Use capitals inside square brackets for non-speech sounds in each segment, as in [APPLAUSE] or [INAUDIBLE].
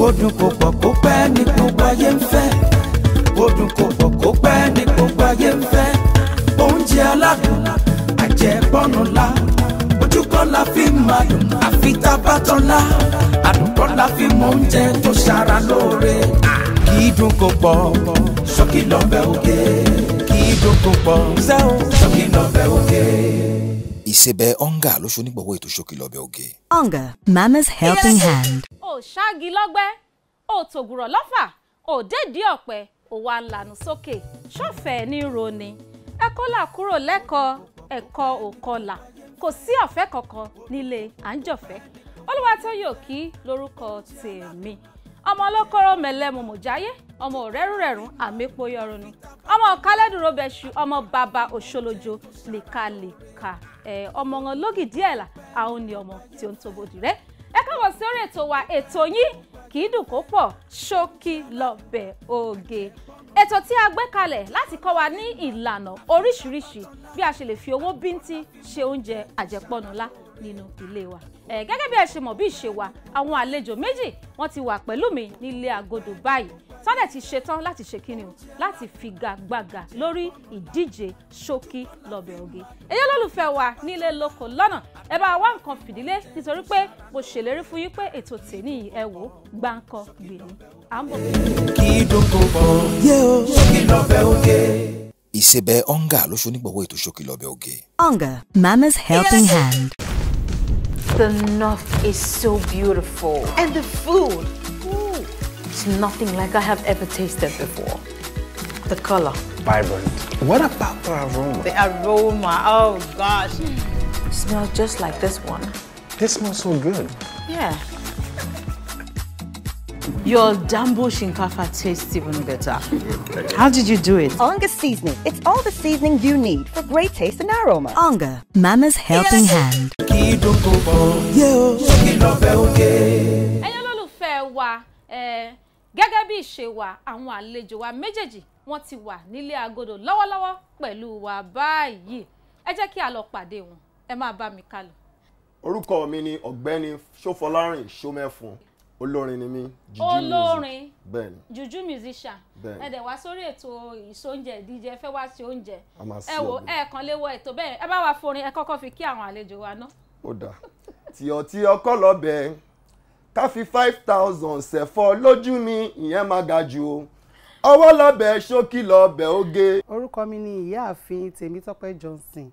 kó dùn kó pọ̀ kó pẹ́ ní gbogbo ayé ń fẹ́ kó dùn kó pọ̀ kó pẹ́ ní gbogbo ayé ń fẹ́ oúnjẹ aládùn àjẹbọ́nu la ojúkọ́ la fi máa àfi tá tán la àdùnkọ́ la fi mọ oúnjẹ tó ṣara lóore kì í dùn kó pọ̀ ṣókí lọ́bẹ̀ oge kì í dùn kó pọ̀ ṣókí lọ́bẹ̀ oge. ìṣebẹ̀ ọ̀ngà ló ṣonígbọ̀wọ́ ètò ṣókí lọ́bẹ̀ oge. ọ̀ngà mama's helping yes. hand ṣáàgì lọ́gbẹ́ ò tògùrọ̀ lọ́fà ò dédìí ọ̀pẹ ò wá ń lanu sókè ṣọ́fẹ̀ẹ́ ní roni ẹ kó là kúrò lẹ́kọ̀ọ́ ẹ̀kọ́ òkọlà kò sí ọ̀fẹ́ kankan nílé àńjọ̀fẹ́ Olúwatóyìn Òkí lórúkọ tèmi ọmọ olókòrò mẹlẹmọ mọjáyé ọmọ òrẹrùrẹrùn àmẹpọ yọrùnú ọmọ kálẹdùró bẹṣu ọmọ bàbá òṣòlójó lìkàlìkà ẹ ọmọ wọn lógìdí ẹlà àwọn ni ọmọ tí ó ń tó bòdì ètò wa ètò yín kì í dùn kó pọ̀ ṣókí lọ́bẹ̀ oge ètò tí a gbé kalẹ̀ láti kọ́ wa ní ìlànà oríṣiríṣi bí a ṣe lè fi owó bíntín ṣe oúnjẹ àjẹpọ̀nùlá nínú ilé wa. ẹ gẹ́gẹ́ bí ẹ ṣe mọ̀ bí ìṣe wa àwọn àlejò méjì wọ́n ti wà pẹ̀lú mi nílé agodo báyìí sọ́dẹ̀ ti ṣetán láti ṣe kíni o láti figagbága lórí ìdíje ṣókí lọ́bẹ̀ oge ẹ̀yẹ́ lólùfẹ́ wa nílé lóko lọ́nà ẹ bá wá nǹkan fìdílé nítorí pé mo ṣèlérí fún yín pé ètò tèmi ẹ wò gbáǹkọ gbèmí à ń bọ̀. kí dókò bọ̀ ṣókí lọ́bẹ̀ oge. ìṣebẹ̀ onga ló ṣonígbọ̀wọ́ ètò ṣókí lọ́bẹ̀ oge. onga mama's helping hand. The north is so beautiful and the food. It's nothing like I have ever tasted before. The color. Vibrant. What about the aroma? The aroma, oh gosh. It smells just like this one. This smells so good. Yeah. Your Dambo Shinkafa tastes even better. How did you do it? Onga seasoning. It's all the seasoning you need for great taste and aroma. Onga, Mama's helping yes. hand. gẹ́gẹ́ bí ìṣe wa àwọn àlejò wa méjèèjì wọ́n ti wà nílé agodo lọ́wọ́lọ́wọ́ pẹ̀lú wa báyìí ẹ jẹ́ kí a lọ pàdé wọn ẹ máa bá mi kálọ. orúkọ mi ni ọ̀gbẹ́ni ṣófọlárìn ṣómẹ́fun olórin ni mí juju olórin juju musician bẹ́ẹ̀ni ẹ dẹ̀ wá sórí ètò ìsóúnjẹ ìdíje fẹ́ wá sí oúnjẹ ẹ wò ẹ kàn lè wọ ètò bẹ́ẹ̀ ẹ bá wa forin ẹ kọ́kọ́ fi kí àwọn àlejò wa ná. ó dà tí ọtí ọkọ lọ bẹ́ẹ̀ ká fi five thousand ṣẹ̀fọ́ lójú mi ìyẹn máa ga jù o ọwọ́ lọ́bẹ̀ ṣókí lọ́bẹ̀ oge. orúkọ mi ni ìyáàfin tèmítọ́pẹ́ johnson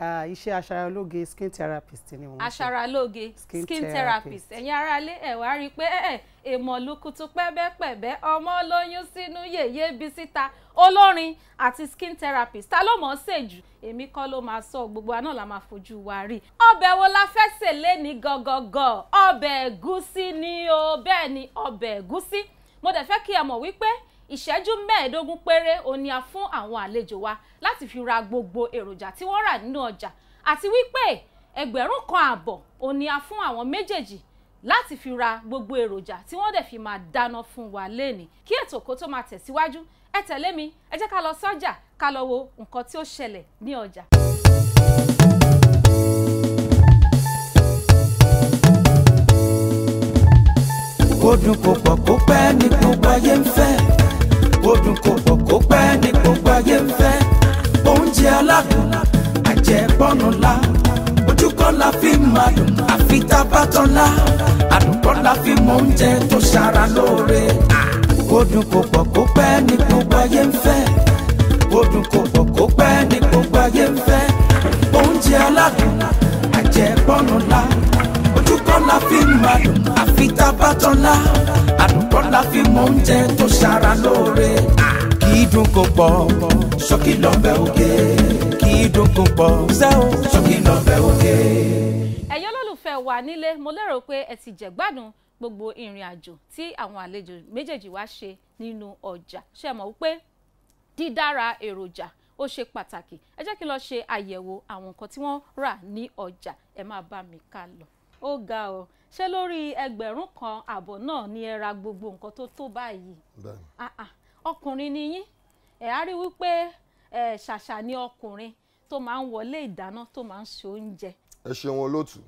iṣẹ́ aṣaralóge skin therapist ni wọ́n ṣe aṣaralóge skin therapist ẹ̀yin aráalé ẹ̀ wá rí i pé ẹ̀ èèmọ̀ lukutu pẹ́bẹ́pẹ́bẹ́ ọmọ olóyún sínú yèyé bí síta olórin àti skin therapist ta ló mọ̀ ọ́ sè jù èmi kọ́ ló máa sọ gbogbo àná la máa fojú wa rí ọbẹ̀ wo la fẹ́ sè léni gọ́gọ́gọ́ ọbẹ̀ ẹ̀gúsí ni o bẹ́ẹ̀ ni ọbẹ̀ ẹ̀gúsí mo dẹ̀ fẹ́ kí ẹ mọ̀ wípé ìṣẹ́jú mẹ́ẹ̀ẹ́dógún péré òun ni a fún àwọn àlejò wa láti fi ra gbogbo èròjà tí wọ́n rà nínú ọjà àti wípé ẹgbẹ̀rún kan àbọ̀ òun ni a fún àwọn méjèèjì láti fi ra gbogbo èròjà tí wọ́n dẹ̀ fi máa dáná fún wa lénìí kí ètò kó tó máa tẹ̀síwájú ẹ tẹ̀lé mi ẹ jẹ́ ká lọ sọ́jà ká lọ wo nǹkan tí ó ṣẹlẹ̀ ní ọjà. kó dùn kó pọ̀ kó pẹ́ ní gbogbo ayé ń fẹ́ odun kò pọ̀ kó pẹ́ ní gbogbo ayé ń fẹ́ oúnjẹ aládùn àjẹbọ́nu la ojúkọ́ la fi máa dùn àfi tábàtàn la àdùnkọ́ la fi mọ oúnjẹ tó ṣara lóore odun kò pọ̀ kó pẹ́ ní gbogbo ayé ń fẹ́ odun kò pọ̀ kó pẹ́ ní gbogbo ayé ń fẹ́ oúnjẹ aládùn àjẹbọ́nu la àdùkọ́ la fi máa dùn àfi tá a bá tán àdùkọ́ la fi mọ oúnjẹ tó ṣara lóore kì í dùn kó pọ̀ ṣókí lọ́bẹ̀ òkè kì í dùn kó pọ̀ ṣókí lọ́bẹ̀ òkè. ẹ̀yọ́ lólùfẹ́ wa nílé mo lérò pé ẹ ti jẹ̀gbádùn gbogbo ìrìn àjò tí àwọn àlejò méjèèjì wá ṣe nínú ọjà ṣe mọ̀ wípé dídára èròjà ó ṣe pàtàkì ẹ jẹ́ kí n lọ ṣe àyẹ̀wò àwọn nǹkan tí wọ́n rà ní ọjà ẹ máa bá mi ká lọ ó ga ọ ṣé lórí ẹgbẹ̀rún kan àbọ̀ náà ni ẹ ra gbogbo nǹkan tó tó báyìí ọkùnrin ni yín ẹ̀ á rí wípé ẹ̀ ṣàṣà ni ọkùnrin tó máa ń wọlé ìdáná tó máa ń ṣe oúnjẹ. ẹ ṣeun olóòtú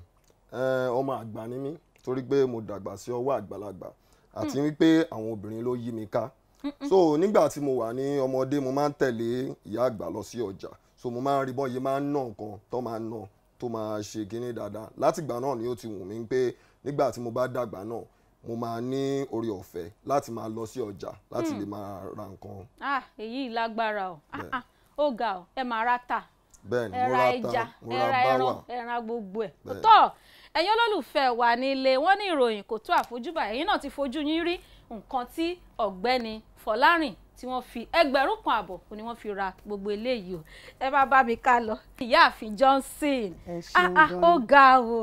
ọmọ àgbà ni mí torí pé mo dàgbà sí ọwọ́ àgbàlagbà àti mm. wípé àwọn obìnrin ló yí mi ká so nígbà tí mo wà ní ọmọdé mo máa ń tẹ̀lé ìyá àgbà lọ sí ọjà so mo máa ń rí bọ́n yìí máa ń ná nǹkan tó máa ń ná tó máa ṣe kínní dáadáa látìgbà náà ni ó ti wù mí pé nígbà tí mo bá dàgbà náà mo máa ní orí ọ̀fẹ́ láti máa lọ sí ọjà láti hmm. lè máa ra nǹkan. ah èyí lágbára o ah, ah, ó ga ọ ẹ máa ra tà bẹ́ẹ̀ni mo ra ta mo gbogbo ẹ tó ẹ̀yin olólùfẹ́ wa nílé wọ́n ní ìròyìn kò tó àfojúbà ẹ̀yin náà ti fojú yín rí nǹkan tí ọ̀gbẹ́ni Fọlárìn tí wọ́n fi ẹgbẹ̀rún kan àbọ̀ ni wọ́n fi ra gbogbo eléyìí o ẹ bá bá mi ká lọ. ìyáàfin Johnson ah, ah, ó ga o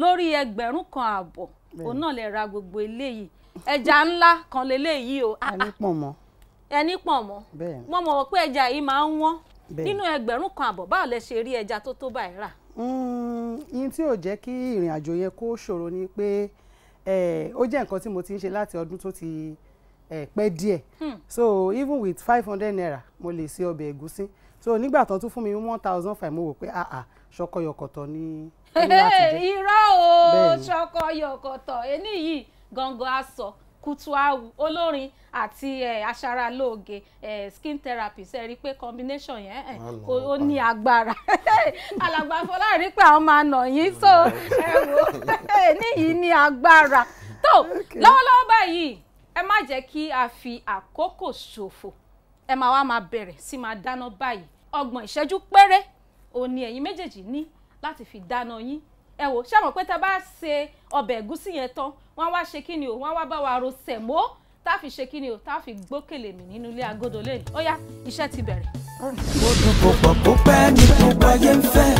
lórí ẹgbẹ̀rún kan àbọ̀ òun náà lè ra gbogbo eléyìí ẹja ńlá kan lélẹ́yìí o. Ah, ẹni pọ̀ mọ́. ẹni pọ̀ mọ́ mo mọ̀ pé ẹja yìí máa ń wọ́n nínú ẹgbẹ̀rún kan àbọ̀ báwo lẹ ṣe rí ẹja tó tó báyìí rà. yín hmm, tí ò jẹ́ kí ìrìn àjò yẹn kó ṣòro ni pé eh, ó jẹ́ nǹkan tí mo ti ń ṣe láti ọdún tó ti ẹ pẹ́ díẹ̀ hmm. so even with five hundred naira mo lè ṣe ọbẹ̀ ẹ̀gúsí so nígbà tán tún fún mi one thousand five mo wò pé ah ah ṣọkọyọkọtọ ni [LAUGHS] irọ́ o ṣọkọyọkọtọ ẹni yìí gangan á sọ kutuawu olórin àti eh, aṣaralóge eh, skin therapist ẹ rí i pé combination yẹn eh, ó ní agbára [LAUGHS] alàgbà Fọlá rí i pé àwọn máa nà yín so ẹ wò [LAUGHS] níyìí ní agbára tó lọ́wọ́lọ́wọ́ báyìí ẹ má jẹ́ kí a fi àkókò ṣòfò ẹ máa wá máa bẹ̀rẹ̀ sí máa dáná báyìí ọgbọ̀n ìṣẹ́jú péré òun ni ẹ̀yin méjèèjì ní láti fi dáná yín ẹ wò ṣé àmọ̀ pé tá a bá ṣe ọbẹ̀ ẹ̀gúsí yẹn tán wọ́n á wá ṣe kí ni o wọ́n á wá bá wa ro sẹ̀mó tá a fi ṣe kí ni o tá a fi gbókèlè mì nínú ilé agodo lẹ́nu ó yá iṣẹ́ ti bẹ̀rẹ̀. ó dùn kò pọ̀ kó pẹ́ ní gbogbo ayé ń fẹ́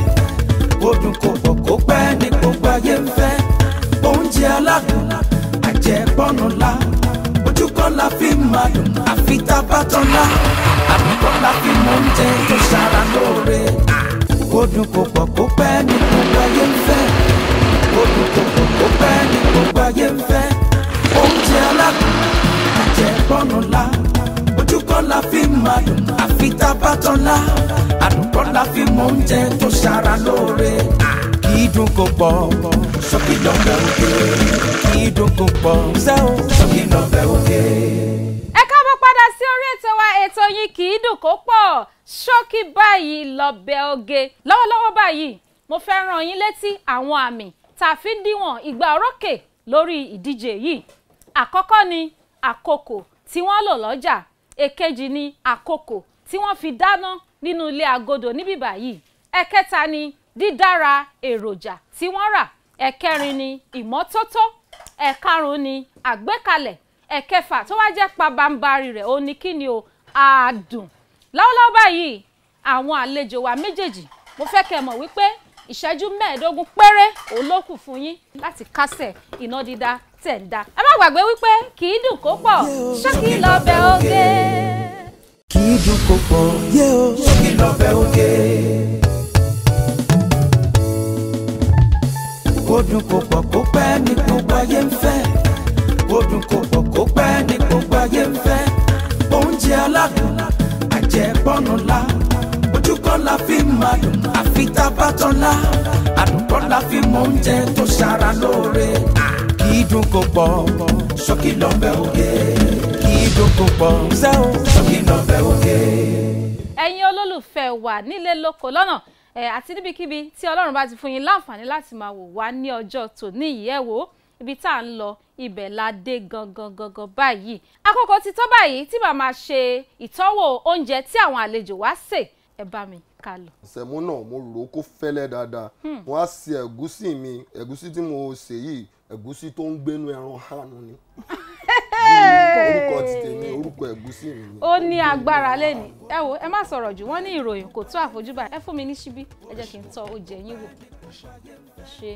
ó dùn kò pọ̀ kó pẹ́ ní gbogbo ayé ń fẹ́ oúnjẹ aládùn àjẹpọ́nù lá àdúgbò fi máa dùn àfi tá a bá fi mọ oúnjẹ tó ṣara lóore kó dùn kó pọ̀ kó pẹ́ ní gbogbo ayé ń fẹ́ kó dùn kó pọ̀ kó pẹ́ ní gbogbo ayé ń fẹ́ oúnjẹ aládùn àjẹ bọ́nù la ojúkọ́ fi máa dùn àfi tá a bá fi mọ oúnjẹ tó ṣara lóore kò pọ̀. sókè lọ́bẹ̀ òkè. ìdùn kò pọ̀ sẹ́wọ̀n. sókè lọ́bẹ̀ òkè. ẹ káàbọ̀ padà sí orí ètò wa ètò yìí kì í dùn kó pọ̀ ṣókí báyìí lọ́bẹ̀ oge lọ́wọ́lọ́wọ́ báyìí mo fẹ́ rán yín létí àwọn àmì tá a fi ń díwọ̀n ìgbà orókè lórí ìdíje yìí àkọ́kọ́ ni àkókò tí wọ́n lò lọ́jà èkejì ni àkókò tí wọ́n fi dáná nínú ilé agodo níbí báyìí ẹ̀kẹta ni dídára èròjà tí wọ́n rà ẹ̀kẹrin ni ìmọ́tótó ẹ̀karùn-ún ni àgbékalẹ̀ ẹ̀kẹfà tó wá jẹ́ pabambarì rẹ̀ ó ní kí ni o àádùn láwọ́láwọ́ báyìí àwọn àlejò wa méjèèjì mo fẹ́ kẹ́ mọ̀ wípé ìṣẹ́jú mẹ́ẹ̀ẹ́dógún péré òun ló kù fún yín láti kásẹ̀ iná dídá tẹ̀ ń dá ẹ má gbàgbé wípé kì í dùn kó pọ̀ ṣókí lọ́bẹ̀ oge. kì í dùn kó pọ̀ ṣókí lọ́bẹ̀ oge. kó dùn kó pọ̀ kó pẹ́ ní gbogbo ayé ń fẹ́ kó dùn kó pọ̀ kó pẹ́ ní gbogbo ayé ń fẹ́ oúnjẹ aládùn àjẹbọ́nu la ojúkọ́ la fi máa dùn àfi tá a bá tán la àdùnkọ́ la fi mọ oúnjẹ tó ṣara lóore kì í dùn kó pọ̀ ṣókí lọ́bẹ̀ òye kì í dùn kó pọ̀ ṣókí lọ́bẹ̀ òye. ẹ̀yin olólùfẹ́ wa nílé lóko lọ́nà àti níbikíbi tí ọlọ́run bá ti fún yín láǹfààní láti máa wò wá ní ọjọ́ tòní yìí ẹ̀ wò ó ibi tá à ń lọ ibẹ̀ la dé gangan gangan báyìí àkókò ti tọ́ báyìí tí màá máa ṣe ìtọ́wò oúnjẹ tí àwọn àlejò wá sè ẹ bá mi ká lọ. sẹ̀mú náà mo rò ó kó fẹ́lẹ́ dáadáa hmm. wọ́n á ṣe ẹ̀gúsí mi ẹ̀gúsí tí mo ṣe yìí ẹ̀gúsí tó ń gbénu ẹran hànú ni orúkọ ti tèmi orúkọ ẹ̀gúsí mi. ó ní agbára lẹ́nu ẹ wo ẹ má sọ̀rọ̀ jù wọ́n ní ìròyìn kò tó àfojúbà ẹ fún mi ní ṣíbí ẹ jẹ́ kí n tọ́ oúnjẹ yín wò ṣe.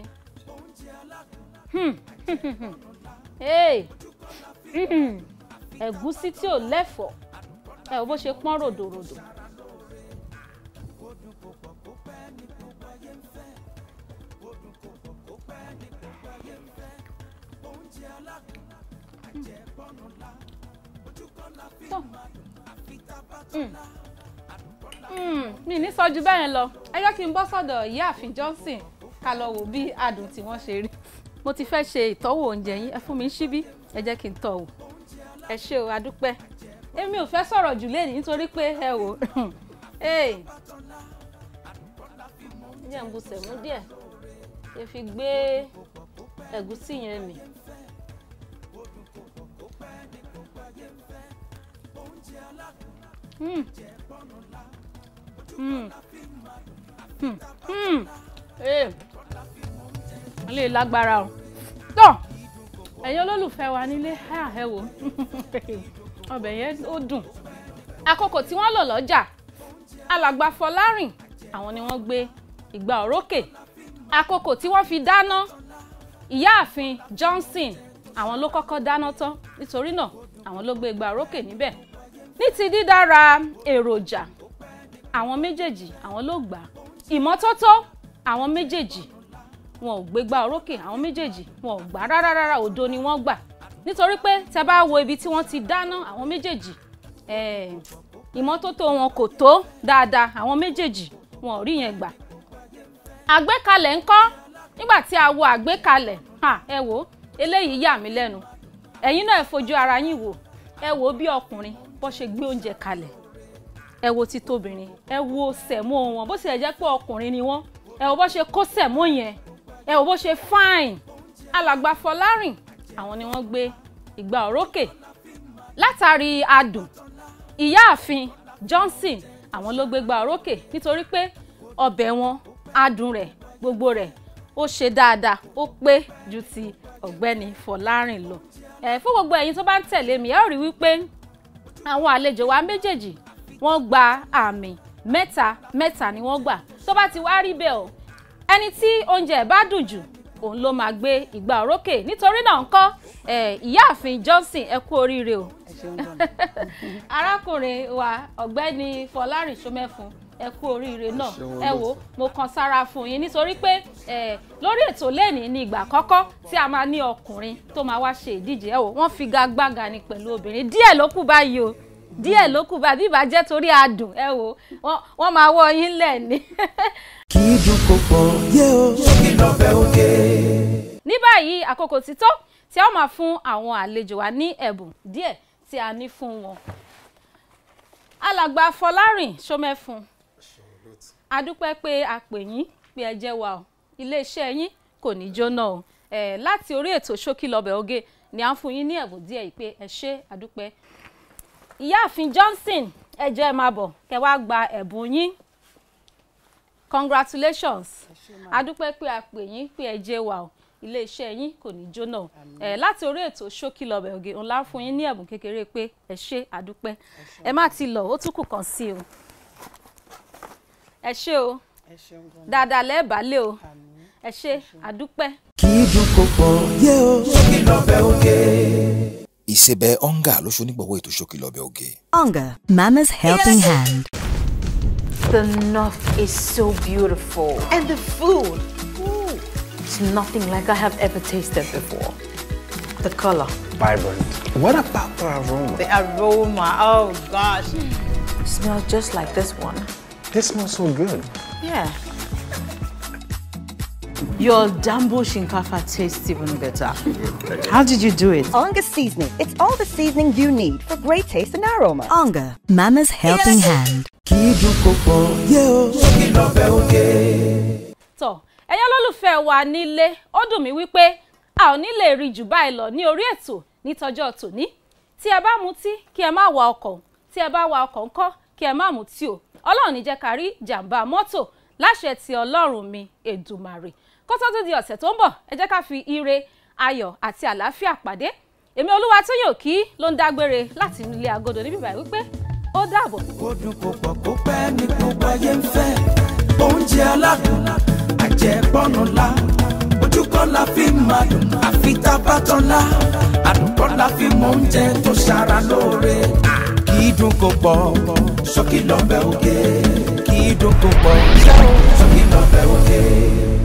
Hmm. [LAUGHS] Hmm. ẹ̀gúsí tí ò lẹ́fọ̀ọ́ ẹ wo bó ṣe pọ́n ròdòròdò. jẹ́ bọ́nà la ojúkọ́ la fi máa lò àfi tá a bá tún la mi ní sọ́jú bẹ́ẹ̀ lọ ẹ jẹ́ kí n bọ́ sọ́dọ̀ ìyáàfin Johnson ká lọ wò bí adùn tí wọ́n ṣe rí mo ti fẹ́ ṣe ìtọ́wò oúnjẹ yín ẹ fún mi ṣíbí ẹ jẹ́ kí n tọ̀ wò ẹ ṣé o adúpẹ́ èmi ò fẹ́ sọ̀rọ̀ jù lẹ́yìn nítorí pé ẹ wò [LAUGHS] ẹ ń bu sẹ̀mú díẹ̀ ẹ fi gbé ẹ̀gúsí yẹn mì. Hmm. Hmm. Hmm. Eh. wọ́n lè lágbára o tó ẹ̀yin olólùfẹ́ wa nílé ẹ wò [LAUGHS] ọbẹ̀ yẹn ó dùn àkókò tí wọ́n lò lọ́jà alàgbà Fọlárìn àwọn ni wọ́n gbé ìgbà òrókè àkókò tí wọ́n fi dáná ìyáàfin Johnson àwọn ló kọ́kọ́ dáná tán nítorí náà àwọn ló gbé ìgbà òrókè níbẹ̀ ní ti dídára èròjà àwọn méjèèjì àwọn ló gbà ìmọ́tótó àwọn méjèèjì wọn ò gbégbá orókè àwọn méjèèjì wọn ò gbà rárá rárá òdo ni wọ́n gbà nítorí pé tẹ bá wo ibi tí wọ́n ti dáná àwọn méjèèjì eh, ìmọ́tótó wọn kò tó dáadáa àwọn méjèèjì wọn ò rí yẹn gbà àgbékalẹ̀ ńkọ́ nígbà tí a wo àgbékalẹ̀ ẹ wò eléyìí yà mí lẹ́nu ẹ̀yin náà fojú ara yín wò ẹ wò bí ọkùnrin bó ṣe gbé oúnjẹ kalẹ̀ ẹ wo ti tóbìnrin ẹ wo sẹ̀mó wọn bó ṣe jẹ́ pé ọkùnrin ni wọ́n ẹ wo bó ṣe kó sẹ̀mó yẹn ẹ wo bó ṣe fáìn alàgbà Fọlárìn àwọn ni wọ́n gbé ìgbà òrókè látàrí adùn ìyáàfin Johnson àwọn ló gbégbá òrókè nítorí pé ọbẹ̀ wọn adùn rẹ̀ gbogbo rẹ̀ ó ṣe dáadáa ó pé ju ti ọ̀gbẹ́ni Fọlárìn lọ ẹ fún gbogbo ẹ̀yin tó bá ń tẹ̀lé mi ẹ ó rí wípé àwọn àlejò wa méjèèjì wọ́n gba àmì mẹ́ta mẹ́ta ni wọ́n gbà tó bá ti wá rí bẹ́ẹ̀ o ẹni tí oúnjẹ ẹ̀ bá dùn jù òun ló máa gbé ìgbà òrókè nítorí náà ńkọ́ ìyáàfin Johnson ẹ kú oríire o [LAUGHS] arákùnrin wa ọ̀gbẹ́ni Fọlárìn Ṣómẹ́fun ẹ kú oríire náà ẹ wo mo kan sára fún yín nítorí pé lórí ètò lẹ́nìí ni ìgbà àkọ́kọ́ tí a máa ní ọkùnrin tó máa wá ṣe ìdíje ẹ wo wọ́n fi gagbága ni pẹ̀lú obìnrin díẹ̀ ló kù báyìí o díẹ̀ ló kù báyìí bí ìbàjẹ́ torí adùn ẹ wo wọ́n máa wọ́ yín lẹ̀ [LAUGHS] kì í dùn kó pọ̀ yé o ṣókí lọ́fẹ̀ẹ́ òkè. ní báyìí àkókò ti tó tí a máa fún àwọn àlejò wa ní ẹ̀bùn díẹ̀ tí a ní fún wọn alàgbà Fọlárìn Ṣómẹ́fun a dúpẹ́ pé a pè yín pé ẹ jẹ́ wa o iléeṣẹ́ yín kò ní jóná o láti orí ètò ṣókí lọ́bẹ̀ oge ni à ń fún yín ní ẹ̀bùn díẹ̀ yìí pé ẹ ṣé a ìyáàfin Johnson ẹ jẹ́ ẹ máa bọ̀ kẹ́ wá gba ẹ̀bùn yín congratulations a dúpẹ́ pé a pè yín pé ẹ jẹ́ wa o iléeṣẹ́ yín kò ní jóná ẹ̀ láti orí ètò ṣókí lọ́bẹ̀ oge ńlá fún yín ní ẹ̀bùn kékeré pé ẹ ṣé a ẹ má ti lọ ó tún kù kàn sí o. ẹ o daadaa leeba le o. lẹ́ẹ̀bà lé o ẹ ṣé àdúpẹ́. kì í dùn kó pọ̀ yé o ṣókí lọ́bẹ̀ oge. ìṣebẹ̀ ọ̀ngà ló ṣonígbọ̀wọ́ ètò ṣókí lọ́bẹ̀ oge. ọ̀ngà mama's helping hand. The knife is so beautiful and the food ooh, it's nothing like I have ever tasted before. The color. Vibrant. What about the aroma? The aroma, oh gosh. It smells just like this one. This smells so good. Yeah. Your Dambo Shinkafa tastes even better. How did you do it? Onga seasoning. It's all the seasoning you need for great taste and aroma. Onga, Mama's helping hand. Tọ́, ẹ̀yọ́ lólùfẹ́ wa nílé, ó dùn mí wípé a ò ní lè rí jù báyìí ni ní orí ètò nítọjọ́ tòní. Tí ẹ bá mutí, ki ẹ má wa ọkọ̀. Tí ẹ bá wa ọkọ̀ ńkọ́, kí ẹ má mutí o ọlọ́run ní jẹ́ ká rí jàǹbá mọ́tò láṣẹ ti ọlọ́run mi èdùmàrè kó tó tó di ọ̀sẹ̀ tó ń bọ̀ ẹ jẹ́ ká fi ire ayọ̀ àti àlàáfíà pàdé èmi olúwa tó yàn kí ló ń dágbére láti ilé agodo níbí báyìí wípé ó dàbọ̀. ó dùn kò pọ̀ kó pẹ́ ní gbogbo ayé ń fẹ́ oúnjẹ aládùn àjẹpọ́nù la ojúkọ́ la fi máa dùn àfi tábàtàn la àdùnkọ́ la fi mọ oúnjẹ tó ṣara lóore kí dùn kó pọ̀ ṣókí lọ́bẹ̀ òkè kí dùn kó pọ̀ ṣókí lọ́bẹ̀ òkè.